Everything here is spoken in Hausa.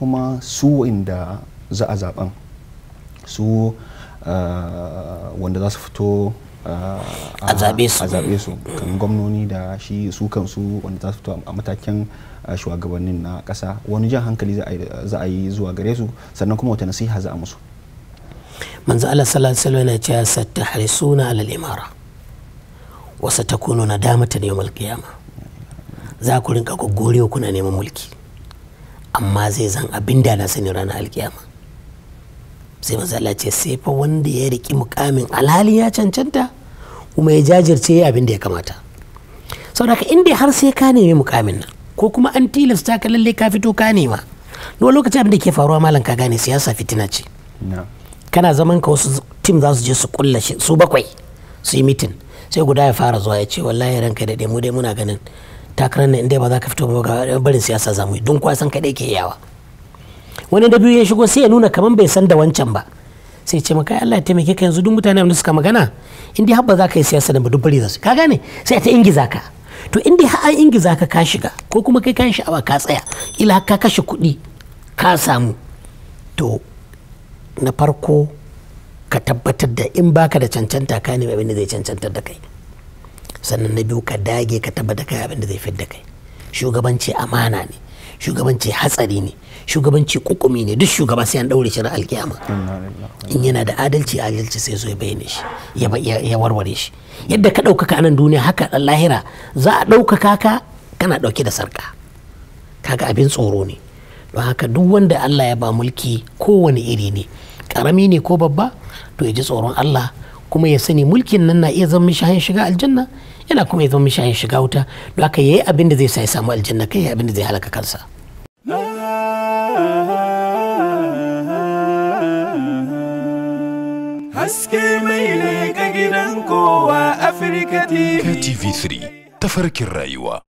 kuma su inda za a zaben su ah, wanda za su fito ah, a zaɓe su kan gwamnoni da shi su kansu wanda za su fito a matakin ah, shugabannin na ƙasa wani jan hankali za a yi zuwa gare su sannan kuma wata nasiha za a musu manzo Allah sallallahu alaihi wasallam yana cewa satahrisuna alal imara wa satakunu nadamatan mulki qiyamah za ku rinka gogorewa kuna neman mulki amma zai zan abin da na sani ranar alkiyama sai mazala ce sai fa wanda ya riki mukamin alhali ya cancanta kuma ya jajirce ya abin da ya kamata saboda inda har sai ka nemi mukamin nan ko kuma an tilasta ka lalle ka fito ka nema duk lokaci abin da ke faruwa malam ka gane siyasa fitina ce kana zaman ka wasu tim za su je su kulla su bakwai su yi mitin sai guda ya fara zuwa ya ce wallahi ranka da mu dai muna ganin takarar nan inda ba za ka fito ba barin siyasa zamu yi don kwa san kaɗai ke yawa wani da biyu ya shigo sai ya nuna kamar bai san da wancan ba sai ce maka Allah ya taimake ka yanzu duk mutane da suka magana in dai ba za ka yi siyasa da dubbari za su ka gane sai ta ingiza ka to in dai har ingiza ka ka shiga ko kuma kai kan sha'awa ka tsaya ila ka kashe kuɗi ka samu to na farko ka tabbatar da in baka da cancanta ka ne abin da zai cancantar da kai sannan na biyu ka dage ka tabbata kai abin da zai fidda kai shugabanci amana ne shugabanci hatsari ne shugabanci kukumi ne duk shugaba sai an daure shi alkiyama in yana da adalci adalci sai zo ya bayyana shi ya warware shi yadda ka ɗaukaka ka nan duniya haka ɗan lahira za a ɗaukaka ka kana ɗauke da sarka kaga abin tsoro ne don haka duk wanda Allah ya ba mulki kowane iri ne karami ne ko babba to ya ji tsoron Allah kuma ya sani mulkin nan na iya zama mishi hanyar shiga aljanna yana kuma ya zama mishi hanyar shiga wuta don haka yi abin da zai sa ya samu aljanna kai abin da zai halaka kansa haske mai ne ga gidan kowa afirka tv3 tafarkin rayuwa